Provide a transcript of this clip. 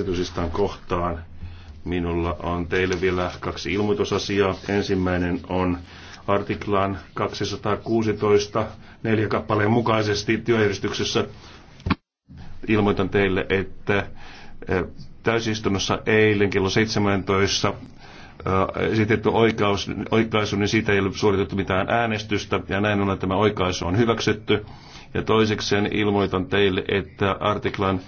esityslistan kohtaan. Minulla on teille vielä kaksi ilmoitusasiaa. Ensimmäinen on artiklan 216 neljä kappaleen mukaisesti työjärjestyksessä. Ilmoitan teille, että eh, täysistunnossa eilen kello 17 eh, esitetty oikaus, oikaisu, niin siitä ei ole suoritettu mitään äänestystä, ja näin ollen tämä oikaisu on hyväksytty. Ja toisekseen ilmoitan teille, että artiklan